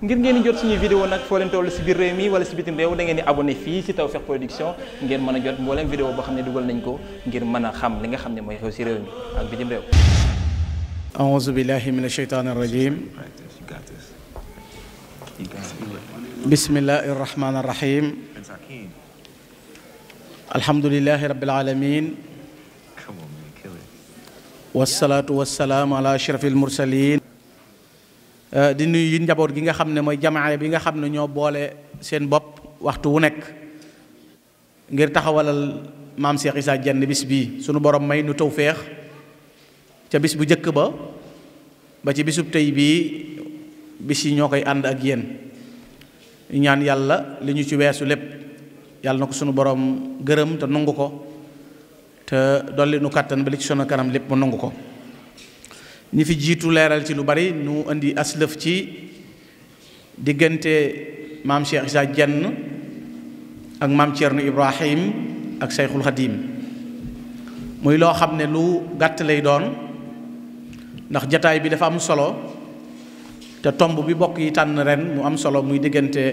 ngir ngeen di jot suñuy vidéo nag foo leen si biir réew mi wala si bitim réew da ngeen di fii si Tawfekh Production ngeen mën a jot mbooleem vidéo boo xam ne dugal nañ ko ngir mën a xam li nga xam ne mooy xew si réew mi ak bitim réew aouzu billahi min asheytaan arrajim bismillahi arrahmani arrahim alhamdulilahi rabbil alamin wasalaatu wasalaamu ala ashrafil mursalin Euh, di nuyu njaboot gi nga xam ne mooy jamaa bi nga xam ne ñoo boole seen bopp waxtu wu nekk ngir taxawalal maam Cheikh Issa Dienne bis bii sunu borom may nu feex ca bis bu njëkk ba ba ci bisub tey bii bis yi ñoo koy ànd ak yéen ñaan yàlla li ñu ci weesu lépp yàlla na ko sunu boroom gërëm te nangu ko te dolli nu kàttan ba li ci sunu kanam lépp mu nangu ko ñi fi jiitu leeral ci lu bari nu indi aslëf ci diggante maam Cheikh Isa Jenn ak maam Thierno Ibrahim ak Seyxul Xadim muy loo xam ne lu gàtt lay doon ndax jataay bi dafa am solo te tomb bi bokk yi tànn ren mu am solo muy diggante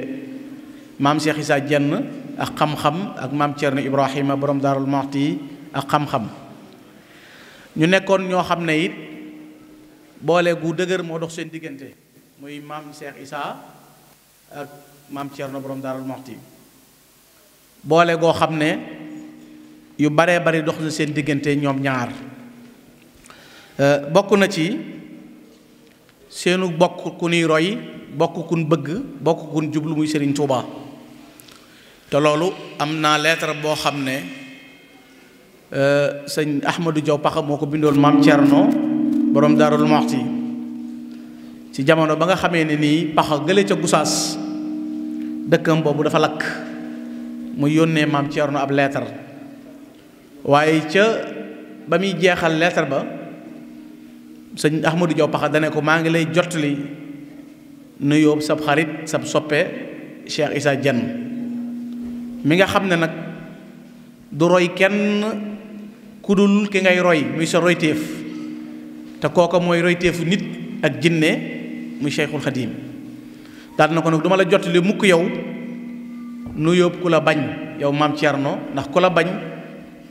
maam Cheikh Isa Jenn ak xam-xam ak maam Thierno Ibrahima borom Daarul Muxti ak xam-xam ñu nekkoon ñoo xam ne it boole gu dëgër moo dox seen diggante muy maam Cheikh Issa ak maam Thierno borom Daarul Moxti boole goo xam ne yu baree bari dox na seen diggante ñoom ñaar euh, bokk na ci seenu bokk ku nuy roy bokk kun bëgg bokk kun jublu muy Serigne Touba te loolu am naa lettre boo xam ne euh, sëñ Ahmadou Diaw Paxa moo ko bindoon maam Thierno. boroom daarul moxti ci jamono ba nga xamee ne nii paxa gële ca gusaas dëkkam boobu dafa lakk mu yónnee maam Ceerno ab leetar waaye ca ba muy jeexal leetar ba sëñ Ahmadou Diaw paxa dane ko maa ngi lay jottali nuyoo sab xarit sab soppe Cheikh Issa Diène mi nga xam ne nag du roy kenn ku dul ki ngay roy muy sa royteef te kooka mooy royteefu nit ak jinne mu Cheikhul Xadim daal na ko nag duma la jot li mukk yow nu yóbbu ku la bañ yow maam Thierno ndax ku la bañ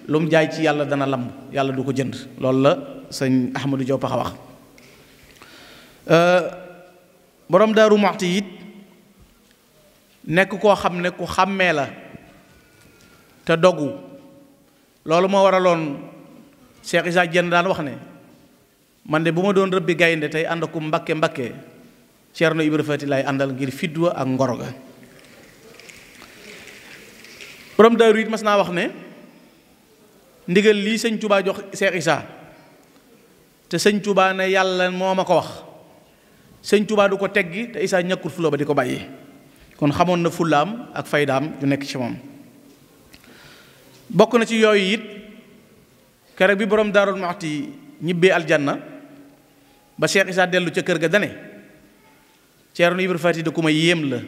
lu mu jaay ci yàlla dana lamb yàlla du ko jënd loolu la sëñ Ahmadou Diop a wax. Euh, borom Daaru Muxti it nekk koo xam ne ku xàmmee la te dogu loolu moo waraloon Cheikh Issa Dieng daan wax ne. man de bu ma doon rëbbi gaynde tey ànd ku mbakke mbakke na Ibra Faati lay àndal ngir fidwa ak ngoro ga borom daaru it mas naa wax ne ndigal lii sëñ Tuubaa jox Seex Isaa te sëñ Tuubaa ne yàlla moo ma ko wax sëñ Tuubaa du ko tegg te Isaa ñàkkul fulo ba di ko bàyyi kon xamoon na fullaam ak faydaam yu nekk ci moom bokk na ci yooyu it keroog bi borom daarul Muxti ñibbee aljanna ba Cheikh Issa dellu ca kër ga dane Ceerno Ibra Faati da yéem la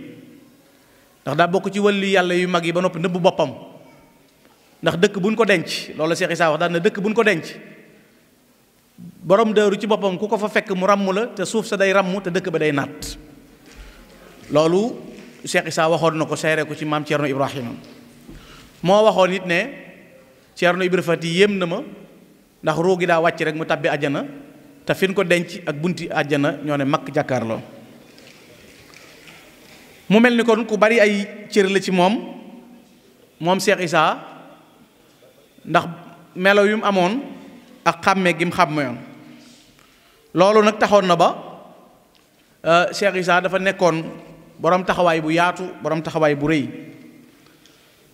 ndax daa bokk ci wàllu yàlla yu mag yi ba noppi nëbbu boppam ndax dëkk buñ ko denc loolu Cheikh Issa wax daal na dëkk buñ ko denc borom dëru ci boppam ku ko fa fekk mu ràmm la te suuf sa day ràmm te dëkk ba day naat loolu Cheikh Issa waxoon na ko seere ko ci maam Ceerno Ibrahima moo waxoon it ne Ceerno Ibra Faati yéem na ndax ruu gi daa wàcc rek mu tàbbi ajana te fin ko denc ak bunti àjjana ñoo ne makk jàkkaarloo mu mel ni kon ku bari ay cër la ci moom moom Cheikh ndax melo yu amoon ak xàmmee gim mu xàmmeyoon loolu nag taxoon na ba euh, Cheikh Issa dafa nekkoon boroom taxawaay bu yaatu boroom taxawaay bu rëy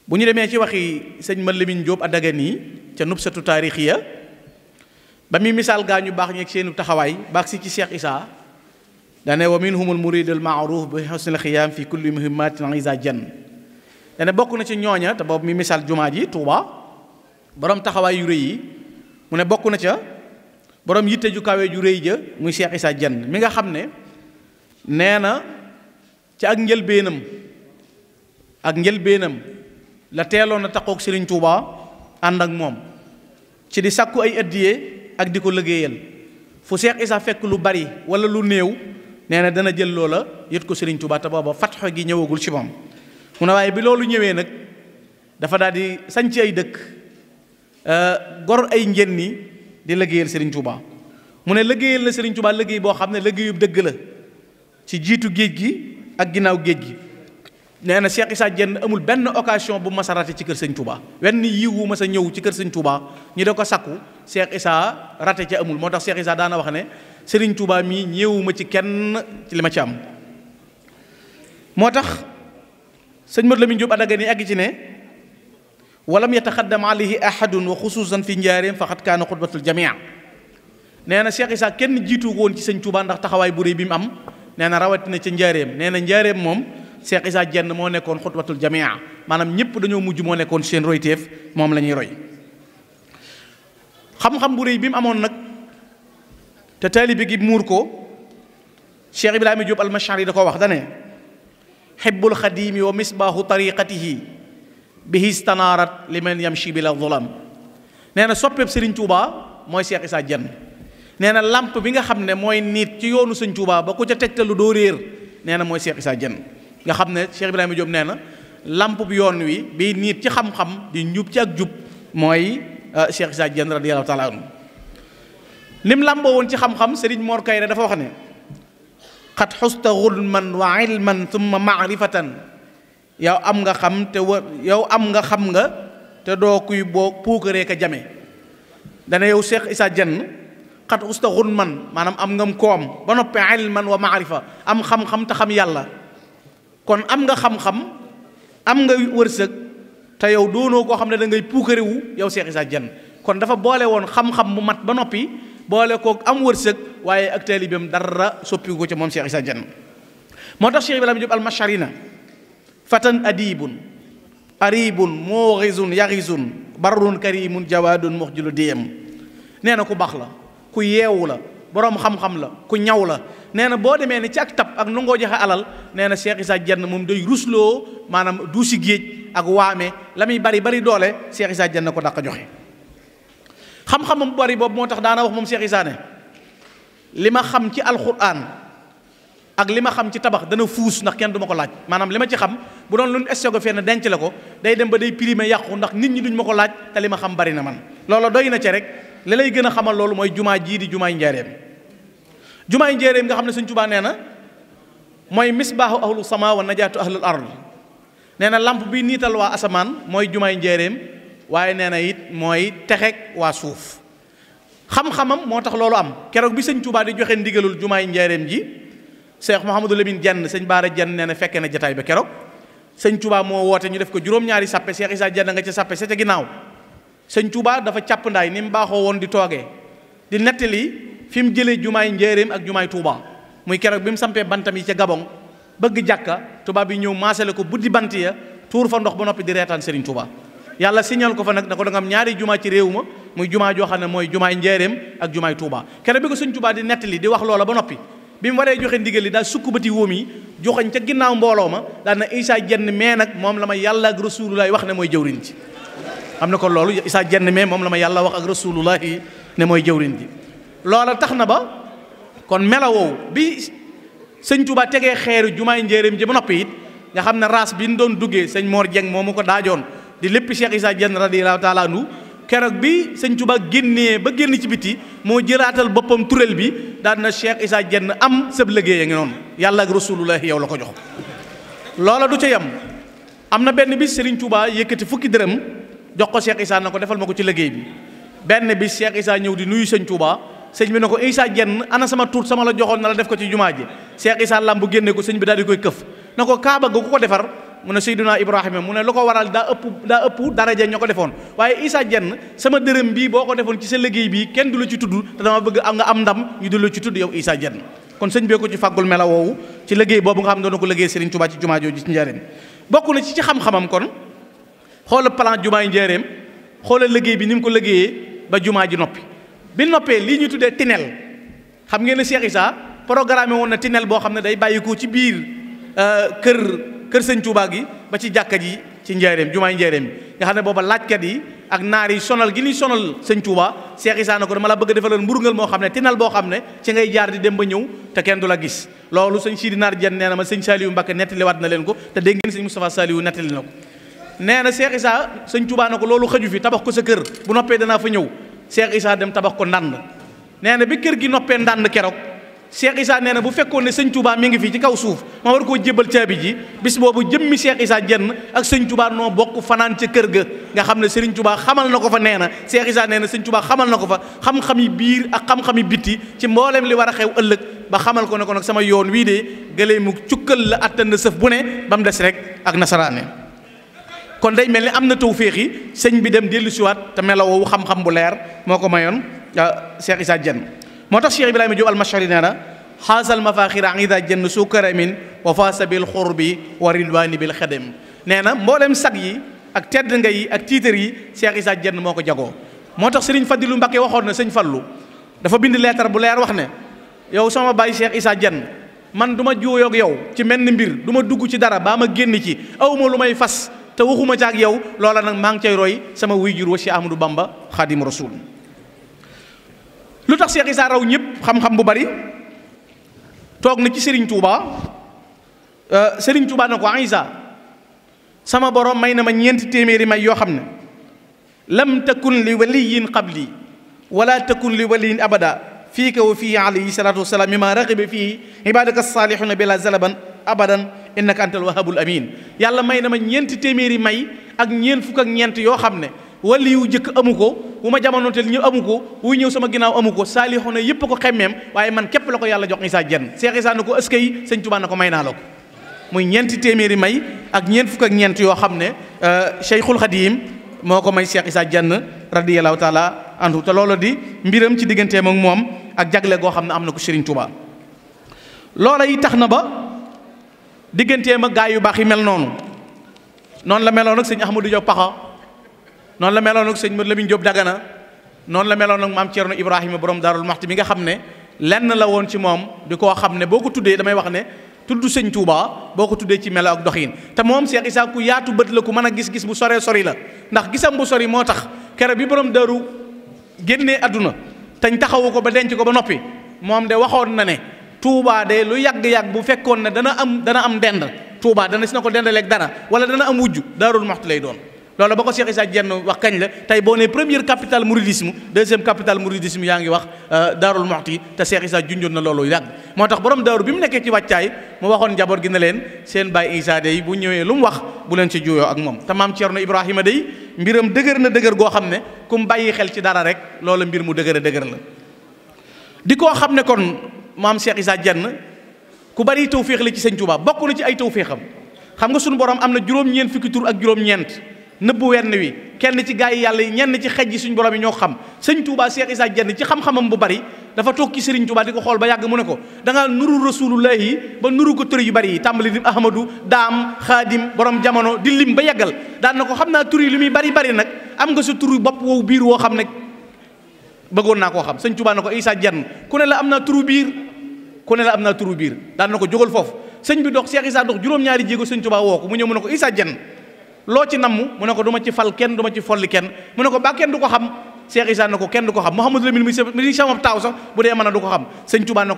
bu ñu demee ci waxi sëñ Malamine Diop a daga nii ca nubsatu taarixiya ba muy misaal gaa ñu baax ñeeg seenu taxawaay baax si ci Cheikh Isaa dane wa minhumul muridul maaruf bi xusnil xiyaam fi kulli muhimmatin isa jenn dane bokk na ci ñooña te boobu mi misaal jumaa ji Tuuba borom taxawaay yu rëy yi mu ne bokk na ca boroom yitte ju kawe ju rëy ja muy Cheikh Isaa Dieng mi nga xam ne nee na ci ak njëlbeenam ak njëlbeenam la teeloon a taqoog Serigne Touba ànd ak moom ci di sàkku ay addiyee ak di ko liggéeyal fu Cheikh Issa fekk lu bari wala lu néew nee na dana jël loola yët ko Serigne Touba te booba fatxo gi ñëwagul ci moom. mu ne waaye bi loolu ñëwee nag dafa daal di sanc ay dëkk euh, gor ay ni di liggéeyal Serigne Touba mu ne liggéeyal na Serigne Touba liggéey boo xam ne liggéeyub dëgg la ci jiitu géej gi ak ginnaaw géej gi. nee na Cheikh Issa Diène amul benn occasion bu masarate ci kër sëñ Touba wenn yiw wu ma sa ñëw ci kër sëñ Touba ñu da ko sakku Cheikh Issa rate ca amul moo tax Cheikh daana wax ne sëriñ Touba mii ñëwuma ci kenn ci li ma ci am moo tax sëñ Mate Lamine Diop adaga ni àgg ci ne walam yataxaddam alayhi ahadun wa xusuusan fi njaareem faxat kaana xutbatul jamia nee na Cheikh Issa kenn jiitu woon ci sëñ Touba ndax taxawaay bu réy bi mu am nee na rawatina ca njaareem nee na njaareem moom Cheikh Issa jenn moo nekkoon xutbatul jamia maanaam ñëpp dañoo mujj moo nekkoon seen royteef moom la ñuy roy xam-xam bu réy bi mu amoon nag te taalibe gi muur ko Cheikh Ibrahima Diop al yi da ko wax dane xibbul xadiimi wa misbaahu tariqatihi bihi stanaarat liman yamshi yam zulam nee na soppeeb Serigne Touba mooy Cheikh sa Diène nee na làmp bi nga xam ne mooy niit ci yoonu Serigne Touba ba ku ca tegtalu doo réer nee na mooy Cheikh sa Diène nga xam ne Cheikh Ibrahima Diop nee na làmp bi yoon wi bi nit ci xam-xam di njub ci ak jub mooy Euh, Cheikh Issa Diène radiyallahu taala anhu lim làmboo woon ci xam-xam Serigne Mor Kayre dafa wax ne xat xusta xulman wa ilman thumma maarifatan yow am nga xam te wa yow am nga xam nga te doo kuy boo puukaree ko jame dana yow Cheikh Issa Diène xat usta xunman maanaam am ngam koom ba noppee ilman wa maarifa am xam-xam te xam yàlla kon am nga xam-xam am nga wërsëg te yow doonoo koo xam ne da ngay puukare wu yow Cheikh Issa Diène kon dafa boole woon xam-xam bu mat ba noppi boole kook am wërsëg waaye ak taalibeem dara soppiku ko ci moom Cheikh Issa Diène moo tax Cheikh Ibrahima Diop almasharina fatan adibun aribun mughizun yaghizun barrun karimun jawadun muxjilu diyam nee na ku baax la ku yeewu la boroom xam-xam la ku ñaw la nee na boo demee ne ci ak tab ak nangoo joxe alal nee na Cheikh Issa Dienne moom day rusloo maanaam duusi géej ak waame la muy bari bari doole Cheikh Issa Dienne ko daq joxe xam-xamam bu bari boobu moo tax daana wax moom Cheikh Issa ne li ma xam ci alxuraan ak li ma xam ci tabax dana fuus ndax kenn du ma ko laaj maanaam li ma ci xam bu doon luñ stocké na denc la ko day dem ba day primé yàqu ndax nit ñi duñ ma ko laaj te li ma xam bari na man loolu doy na ci rek lay gën a xamal loolu mooy jumaa jii di jumaay njaareem jumaay njéeréem nga xam ne sañ Tuubaa nee na mooy misbaahu ahlu sama wa najaatu ahlul ard nee na lamp bi niital waa asamaan mooy jumaay njéeréem waaye nee na it mooy texeg waa suuf xam-xamam moo tax loolu am keroog bi Sëñ Tuubaa di joxe ndigalul jumaay njéeréem ji Seex Muhammadu Lamin Jenn Sëñ Baara Jenn nee na fekkee na jataay ba keroog Sëñ Tuubaa moo woote ñu def ko juróom-ñaari sàppe Seex Isaa Jenn nga ca sàppe sa ca ginnaaw Sëñ Tuubaa dafa càpp ndaay ni baaxoo woon di toogee di fi mu jëlee jumaay njéeréem ak jumaay Touba muy keroog bi mu sampee bantam yi ca Gabon bëgg jàkka tubaab bi ñëw maasale ko buddi bant ya tuur fa ndox ba noppi di reetaan Serigne Touba. yàlla signal ko fa nag da ko da am ñaari jumaa ci réew ma muy jumaa joo xam ne mooy jumaay njéeréem ak jumaay Touba keroog bi ko Serigne Touba di nettali di wax loola ba noppi. bi mu waree joxe ndigal li daal sukk bati woom yi joxañ ca ginnaaw mbooloo ma daal na Isaa jenn mee nag moom la ma yàlla ak rasulullahi wax ne mooy jëwrin ji am na kon loolu Isaa jenn mee moom la ma yàlla wax ak rasulullahi ne mooy jëwrin ji loola tax na ba kon melawoow bi sëñ Touba tegee xeeru jumaay njéeréem ji ba noppi it nga xam ne raas bi ñu doon duggee sëñ Mor moo moomu ko daajoon di lépp Cheikh Issa Dieng radiyallahu taala anhu keroog bi sëñ Touba génnee ba génn ci biti moo jëraatal boppam turel bi daan na Cheikh Issa Dieng am sëb liggéey a ngi noonu yàlla ak rasulullah yow la ko jox loola du ca yem am na benn bis Serigne Touba yëkkati fukki dërëm jox ko Cheikh isaa na ko defal ma ko ci liggéey bi benn bis Cheikh ñëw di nuyu sëñ sëñ bi ne ko Issa Diène ana sama tuut sama la joxoon na la def ko ci jumaa ji Cheikh Issa Lam bu génne ko sëñ bi daal di koy këf na ko kaaba ga ko defar mu ne Seydina Ibrahima mu ne lu ko waral daa ëpp daa ëpp daraja ñoo ko defoon waaye Issa Diène sama dërëm bii boo ko defoon ci sa liggéey bii kenn du la ci tudd te dama bëgg am nga am ndam ñu du la ci tudd yow Issa Diène kon sëñ bee ko ci fàggul mela woowu ci liggéey boobu nga xam doona ko liggéey Serigne Touba ci jumaa jooju ci njaareem bokk na ci ci xam-xamam kon xoolal plan jumaay njaareem xoolal liggéey bi ni mu ko liggéeyee ba jumaa ji noppi bi noppee lii ñuy tuddee tunnel xam ngeen ne Cheikh Issa programme woon na tunnel boo xam ne day bàyyikoo ci biir euh, kër kër sañ Touba gi ba ci jàkka ji ci njaareem jumaay njaareem nga xam ne booba kat yi ak naar yi sonal gi ñuy sonal sëñ Touba Cheikh Issa na ko dama la bëgg a defaloon moo xam ne tunnel boo xam ne ci ngay jaar di dem ba ñëw te kenn du la gis loolu sañ Sidi Naar Dieng nee na ma sëñ Saliou Mbacké nettaliwaat na leen ko te dégg ngeen sëñ Moustapha Saliou nettali na ko nee na Cheikh Issa sëñ Touba ko loolu xëju fi tabax ko sa kër bu noppee danaa fa ñëw Cheikh Issa dem tabax ko ndànd nee na bi kër gi noppee ndànd keroog Cheikh Issa nee na bu fekkoon ne sëñ Touba mi ngi fii ci kaw suuf ma war koo jébbal caabi ji bis boobu jëmmi Cheikh Issa jenn ak sëñ Touba noo bokk fanaan ca kër ga nga xam ne Serigne Touba xamal na ko fa nee na Cheikh Issa nee na sëñ Touba xamal na ko fa xam-xami biir ak xam-xami bitti ci mboolem li war a xew ëllëg ba xamal ko ne ko nag sama yoon wii de gëléemu mu cukkal la attan na sëf bu ne ba mu rek ak nasaraane kon day mel ni am na tawféex féexi sëñ bi dem dellu siwaat te melawu xam-xam bu leer moo ko mayoon Cheikh Issa jën moo tax Cheikh Ibrahima Diop al-Mashari nee na xaasal mafaxira ida jenn su karamin wa faasa bil xurbi wa ridwaani bil xadem nee na mboolem sag yi ak tedd yi ak tiitar yi Cheikh Issa Diène moo ko jagoo moo tax sëriñ Fadilu Mbakke waxoon na sëñ Fallu dafa bind leetar bu leer wax ne yow sama baay Cheikh Issa jën man duma ma yow ci mel ni mbir du ma dugg ci dara baa ma génn ci awma lu may fas te waxuma ca ak yow loola nag maa ngi cay roy sama wuy jur wa Cheikh Bamba xadim rasul lu tax Cheikh raw ñépp xam-xam bu bari toog na ci Serigne Touba euh, Serigne Touba na ko Issa sama borom may na ma ñeenti téeméeri may yoo xam ne lam takun li waliyin qabli wala takun li waliyin abada fii ka wa fii alayhi salaatu wasalaam mi ma raqiba fii ibadaka saalihuna bila zalaban abadan innaka antal wahabul amin yàlla may na ma ñeenti téeméeri may ak ñeent fukk ak ñeent yoo xam ne wali yu jëkk amu ko wu ma jamonoonteel ñu amu ko wuy ñëw sama ginnaaw amu ko saalixu na yépp ko xemmeem waaye man képp la ko yàlla jox isaa jenn seex isaa na ko ëska yi sëñ na ko may naa la ko muy ñeenti téeméeri may ak ñeent fukk ak ñeent yoo xam ne euh, cheikhul xadim moo ko may seex isaa jenn radiyallahu taala anhu te loolu di mbiram ci digganteem ak moom ak jagle goo xam ne am na ko sëriñ tubaa digganteem ak gaa yu baax yi mel noonu noonu la meloon ak sëñ Ahmadou Diop Paxa noonu la meloon ak sëñ Lamine Diop Dagana noonu la meloon ak maam Thierno Ibrahima borom Darul Maxti mi nga xam ne lenn la woon ci moom di koo xam ne boo ko tuddee damay wax ne tudd sëñ Touba boo ko tuddee ci melo ak doxiin te moom Cheikh Issa ku yaatu bët la ku mën a gis-gis bu soree sori la ndax gisam bu sori moo tax kere bi borom daru génnee àdduna tañ taxawu ko ba denc ko ba noppi moom de waxoon na ne. Touba de lu yàgg-yàgg bu fekkoon ne dana am dana am dend Touba dana si na ko dendaleeg dara wala dana am wujj Daarul Muxti lay doon loolu ba ko Cheikh Issa Diène wax kañ la tey boo ne première capitale mouridisme deuxième capitale mouridisme yaa ngi wax euh, Daarul Muxti te Cheikh Issa junjoon na loolu yàgg moo tax borom daaru bi mu nekkee ci wàccaay mu waxoon njaboot gi ne leen seen baay Issa day bu ñëwee lu mu wax bu leen ci juyoo ak moom te maam Cerno Ibrahima day mbiram dëgër na dëgër goo xam ne ku mu bàyyi xel ci dara rek loolu mbir mu dëgër a la maam Cheikh Issa Diène ku bari tawféex la ci sëñ Touba bokk na ci ay féexam xam nga sunu borom am na juróom-ñeent fukki tur ak juróom-ñeent nëbbu wenn wi kenn ci gaay yi yàlla yi ñenn ci xej yi suñu borom yi ñoo xam sëñ Touba Cheikh Issa Diène ci xam-xamam bu bari dafa toog ci Serigne Touba di ko xool ba yàgg mu ne ko da nga nuru rasulullah yi ba nuru ko tur yu bari yi tàmbali lim ahmadou daam xaadim borom jamono di lim ba yàggal daan na ko xam naa tur li muy bari bari nag am nga sa turu bopp wow biir woo xam ne bëggoon naa koo xam sëñ Touba na ko Issa Diène ku ku ne am na turu biir daan na ko jógal foofu sëñ bi dox Cheikh Issa dox juróom-ñaari jéego sëñ Tuubaa woo ko mu ñëw mu ne ko Issa Diène loo ci namm ne ko kenn du ma kenn mu ko ba kenn ko xam Cheikh Issa ko kenn du ko xam Mouhamadou Lamine mi sama taaw sax bu a du ko xam sëñ Tuubaa na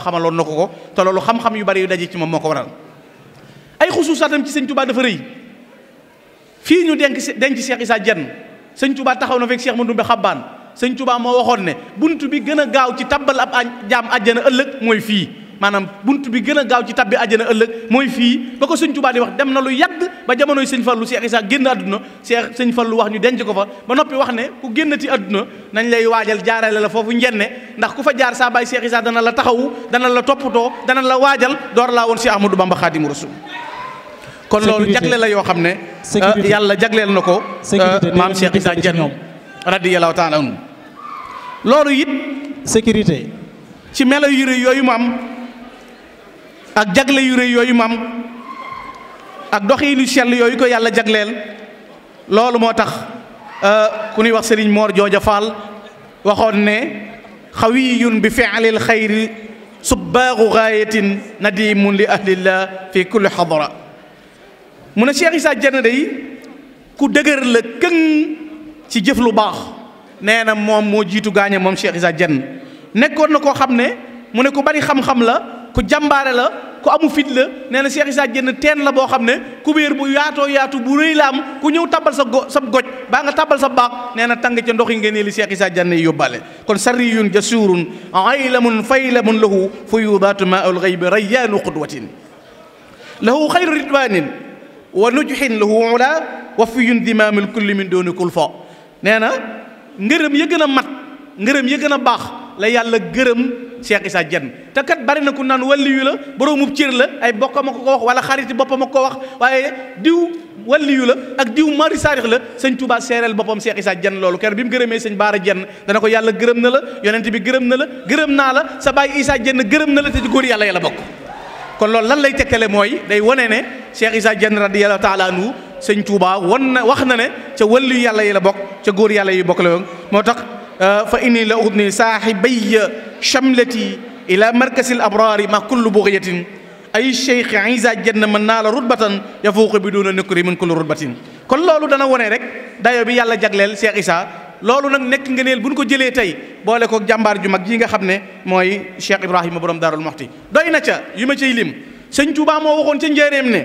xamaloon na ko ko te loolu yu bari yu daje ci moom moo ko waral ay xusuusaatam ci sëñ Touba dafa rëy fii ñu denc denc Cheikh Issa sëñ Touba taxaw na fekk Cheikh Mandoumbe Xabbaan sëñ tubaa moo waxoon ne bunt bi gën a gaaw ci tabbal ab jaam àjjana ëllëg mooy fii maanaam bunt bi gën a gaaw ci tabbi àjjana ëllëg mooy fii ba ko sëñ Touba di wax dem na lu yàgg ba jamonoy sëñ Fallu Cheikh Issa génn àdduna Cheikh sëñ fa lu wax ñu denc ko fa ba noppi wax ne ku génnati àdduna nañ lay waajal jaarale la foofu njenne ndax ku fa jaar saa baay Cheikh Issa dana la taxawu dana la toppatoo dana la waajal door laa woon si Ahmadou Bamba Xaadimu Rasuul kon loolu jagle la yoo xam ne. Euh, yàlla jagleel na ko. Euh, maam Cheikh Issa Diagne radiyallahu taala anhu loolu it. sécurité. ci melo yu yooyu maam ak jagle yu yooyu maam ak doxiinu sel yooyu ko yàlla jagleel loolu moo tax euh, ku ñuy wax Serigne Mor Jooja Fall waxoon ne xawiyun bi fi'lil xayri subbaaxu gaayatin nadimun li ahlillah fi kulli xadra mu ne Cheikh Issa Dieng day ku dëgër la këng ci jëf lu baax nee na moom moo jiitu gaañe moom Cheikh Issa Dieng nekkoon na koo xam ne mu ne ko bari xam-xam la ku jàmbaare la ku amu fit la nee na Cheikh Issa Dieng teen la boo xam ne kubéer bu yaatoo yaatu bu rëy la am ku ñëw tabal sa go sa goj baa nga tabal sa baax nee na tàng ca ndox yi ngeen li Cheikh Issa Dieng yóbbaale kon sarriyun jasurun aylamun faylamun lahu fuyudaatu maa ul ghaybi rayyaanu qudwatin lahu xayru ridwanin wa nujxin lahu ula wa fiyun dimaamil kulli min dooni kul fo nee na ngërëm ya gën a mat ngërëm ya gën a baax la yàlla gërëm Cheikh Issa Diène te kat bari na ku naan walliyu la boroomub cër la ay bokkam a ko wax wala xariti boppam a ko wax waaye diw walliyu la ak diw mari saarix la sëñ Touba seereel boppam Cheikh Issa Diène loolu ker bi mu gërëmee sëñ Baara Diène dana ko yàlla gërëm na la yonent bi gërëm na la gërëm naa la sa baay Issa Diène gërëm na la te ci góor yàlla yàlla bokk kon loolu lan lay tegtale mooy day wane ne Cheikh Issa Diène radiyallahu taala anhu sëñ Touba wan na wax na ne ca wëllu yàlla yi la bokk ca góor yàlla yi bokk la woon moo tax euh, fa inni la udni saaxibaya chamlati ila markasil abraari ma kullu bughyatin ay Cheikh Issa Diène ma naa la rutbatan yafuuqu bi duuna nukri min kulli rutbatin kon loolu dana wone rek dayo bi yàlla jagleel see Issa loolu nag nekk nga ngëneel bu ñu ko jëlee tey boole ko jàmbaar ju mag ji nga xam ne mooy Cheikh Ibrahima borom Daarul Moxti doy na ca yu ma cay lim sëñ Touba moo waxoon ca njëreem ne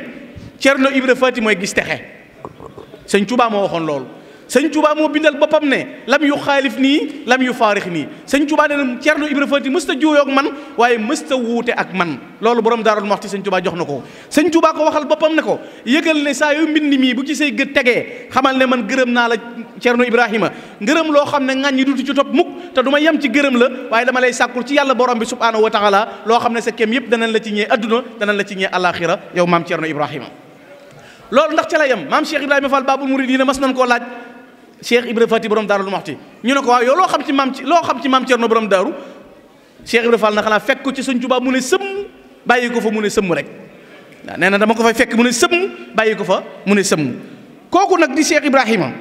Cerno Ibra Faati mooy gis texe sëñ Touba moo waxoon loolu sëñ Touba moo bindal boppam ne lam yu xaalif nii lam yu faarix nii sëñ Touba nee na Cerno Ibra Faati mës ta juuyoog man waaye mës ta wuute ak man loolu borom daarul maxti sëñ Touba jox na ko sëñ Touba ko waxal boppam ne ko yëgal ne saa yu bu ci say gët xamal ne man gërëm naa la Cerno Ibrahima ngërëm loo xam ne ŋàññi duutu ci topp mukk te du ma yem ci gërëm la waaye dama lay sàkkul ci yàlla borom bi subhaanahu wa taala loo xam ne sa kem yëpp danañ la la ci ñee alaxira yow maam Cerno Ibrahima loolu ndax ca la yem maam Cheikh Ibrahima Fall Babul Muridina mas nañ koo laaj Cheikh Ibra Fati borom daaru lu maxti ñu ne ko waaw loo xam ci maam ci loo xam ci maam Cerno borom daaru Cheikh Ibra Fall na fekk ko ci Sëñ Tuubaa mu ne sëmm bàyyi ko fa mu ne sëmm rek waaw nee na dama ko fay fekk mu ne sëmm bàyyi ko fa mu ne sëmm kooku nag di Cheikh Ibrahima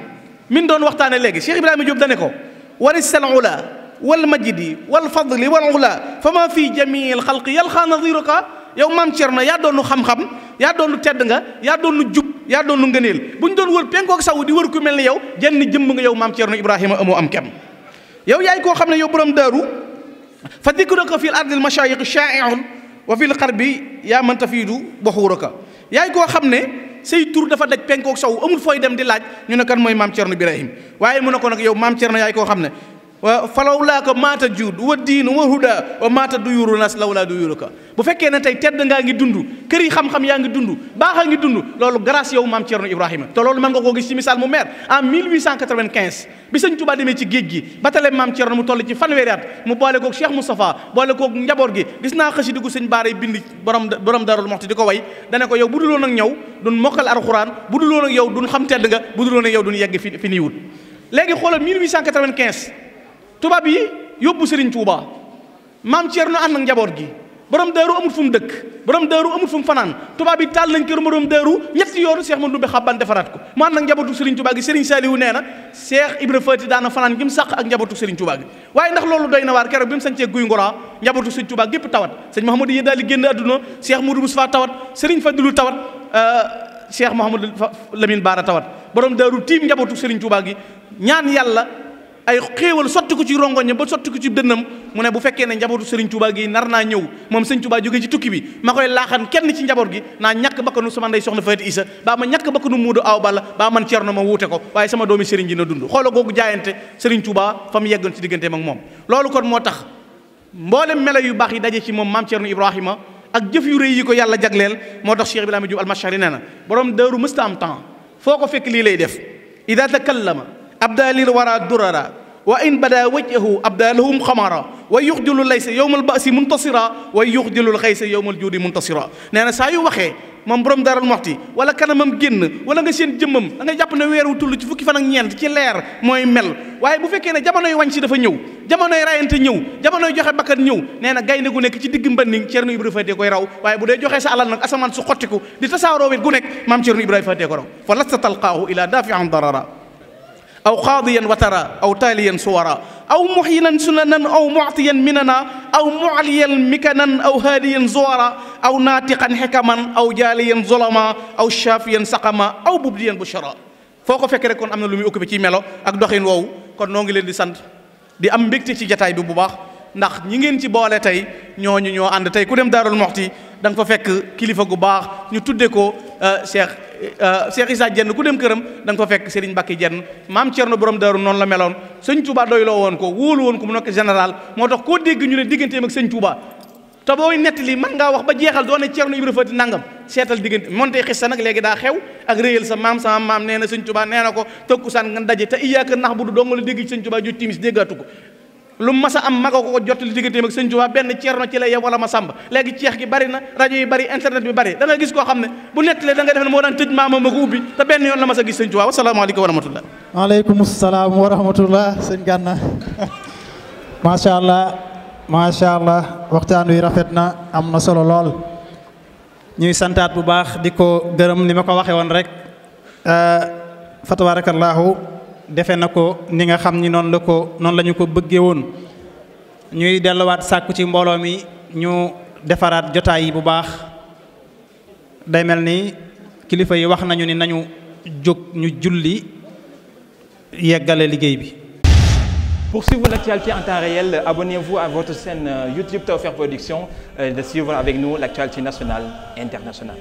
min doon waxtaane léegi Cheikh Ibrahima Diop dane ko warisal ula wal majdi wal fadli wal ula fa ma fi jamii al xalqi yalqa nadiruka yow maam Cerno yaa doonu xam-xam yaa doonu tedd nga yaa doon doonu jub yaa doonu ngëneel bu ñu doon wër penkook sawu di wër ku mel ne yow jenn jëmb nga yow maam Cerno Ibrahima amoo am kem yow yaay koo xam ne yow borom daaru fa dikruka fi l ardil mashayiq shaa'i'un wa fi l xarbi yaa man tafiidu buxuuraka yaay koo xam ne say tur dafa daj penkook sawu amul fooy dem di laaj ñu ne kan mooy maam Cerno Ibrahima waaye mu ne ko nag yow maam na yaay koo xam ne falawlaaka maata juud wa diinu wa huda wa maata du yuru nas lawlaa du yuruka bu fekkee ne tey tedd ngaa ngi dund kër yi xam-xam yaa ngi dund baaxa ngi dund loolu grâce yow maam Thierno Ibrahima te loolu mën nga koo gis ci misaal mu meer en bi sëñ Touba ci géej gi ba tale maam Thierno mu toll ci fanweeri at mu boole koog Cheikh Moustapha boole koog njaboot gi gis naa xasida gu sëñ Baara bind borom borom Darul ko way dane yow bu duloon ak ñëw duñ mokkal alxuraan bu duloon ak yow duñ xam tedd nga bu duloon ak yow duñ yegg fi fi niy wut léegi xoolal tubaab yi yóbbu Serigne Touba maam Thierno am ak njaboot gi borom daaru amul fu mu dëkk borom daaru amul fu mu fanaan tubaab yi taal nañ kër borom daaru ñetti yoonu Cheikh Modou Ndoumbé Xabbaan defaraat ko mu ànd ak njabootu Serigne Touba gi Serigne Saliou nee na Cheikh Ibra Faty daana fanaan gi mu sàq ak njabootu Serigne Touba gi waaye ndax loolu doy na waar keroog bi mu sañcee guy ngoraa njabootu Serigne Touba gépp tawat sëñ Mahamadou yi daal di génn àdduna Cheikh Modou Moustapha tawat Serigne Fadilou tawat euh, Cheikh Mouhamadou Lamine Bara tawat borom daaru tiim njabootu Serigne Touba gi ñaan yàlla ay xéewal sotti ko ci rongoña ba sotti ko ci dënnam mu ne bu fekkee ne njabootu Serigne Touba gi nar naa ñëw moom Serigne Touba jógee ci tukki bi ma koy laaxan kenn ci njaboot gi naa ñàkk bakkanu sama ndey soxna Faati Isa baa ma ñàkk bakkanu Muudu Awa Balla baa man Cerno ma wuute ko waaye sama doomi Serigne ji na dund xoola googu jaayante Serigne Touba fa mu yeggoon ci digganteem moom loolu kon moo tax mboolem melo yu baax yi daje ci moom maam Cerno Ibrahima ak jëf yu rëy yi ko yàlla jagleel moo tax Cheikh Ibrahima Diouf Almachari nee na borom daaru mësta am temps foo ko fekk lii lay def ida takallama abdaa lil wara durara wa in bada wajhahu abdaa lahum xamara wa yuxjilu laysa yowmal basi muntasira wa yuxjilul xaysa yowmal juudi muntasira nee na saa yu waxee moom borom daral moxti wala kanamam génn wala nga seen jëmmam da nga jàpp na weer wu tull ci fukki fan ñeent ci leer mooy mel waaye bu fekkee ne jamonoy wàññ si dafa ñëw jamonoy rayante ñëw jamonoy joxe bakkan ñëw nee na gaynde gu nekk ci digg mbanding Ceerno Ibrahima Faty koy raw waaye bu dee joxee sa alal nag asamaan su xottiku di tasaaroo wet gu nekk maam Ceerno Ibrahima Faty ko raw fa lasta talqaahu ila dafi an aw qaadiyan watara aw taaliyan suwara aw muhyinan sunanan aw muctiyan minana aw mucliyan mikanan aw haadiyan zuwara aw naatiqan xikaman aw jaaliyan zulama aw shaafiyan saqama aw bubdiyan bushara foo ko fekk rek kon am na lu muy occupé ci melo ak doxin woowu kon noo ngi leen di sant di am mbégte ci jataay bi bu baax ndax ñi ngeen ci boole tey ñoo ñu ñoo ànd tey ku dem daarul moxti da nga fa fekk kilifa gu baax ñu tudde ko Cheikh Euh, Cheikh Issa Dieng ku dem këram da nga fa fekk Serigne Mbacke Dieng maam Thierno borom Daaru noonu la meloon sëñ Touba doyloo woon ko wóolu woon ko mu nekk général moo tax koo dégg ñu ne digganteem ak sëñ Touba te booy nettali mën ngaa wax ba jeexal doone Thierno Ibra Faty nangam seetal diggante monte xis sa nag léegi daa xew ak réyal sa maam sama maam nee na sëñ Touba nee na ko saan nga daje te iyaaka nax bu du dong la dégg ci sëñ Touba ju timis ko lu mas a am maga ko ko jottali digganteem ak sëñ Tuubaa benn ceerno ci la yem wala ma sàmb léegi ceex gi bari na rajo yi bari internet bi bari da gis koo xam ne bu nettalee da nga def ne moo daan tëj maama ma ko ubbi te benn yoon la mas a gis sëñ Tuubaa wasalaamaaleykum wa rahmatullah waaleykum salaam allah rahmatullah sëñ macha allah macha allah waxtaan wi rafet na am na solo lool ñuy santaat bu baax di ko gërëm ni ma ko waxee woon rek eh, fa tabaarakallaahu defe na ko ni nga xam ni noonu la ko noonu lañu ko bëggee woon ñuy delluwaat sàkku ci mbooloo mi ñu defaraat jotaay yi bu baax day mel ni kilifa yi wax nañu ni nañu jóg ñu julli yeggale liggéey bi. Pour suivre l'actualité en temps réel, abonnez-vous à votre chaîne euh, YouTube Tawfekh Production euh, et de suivre avec nous l'actualité nationale et internationale.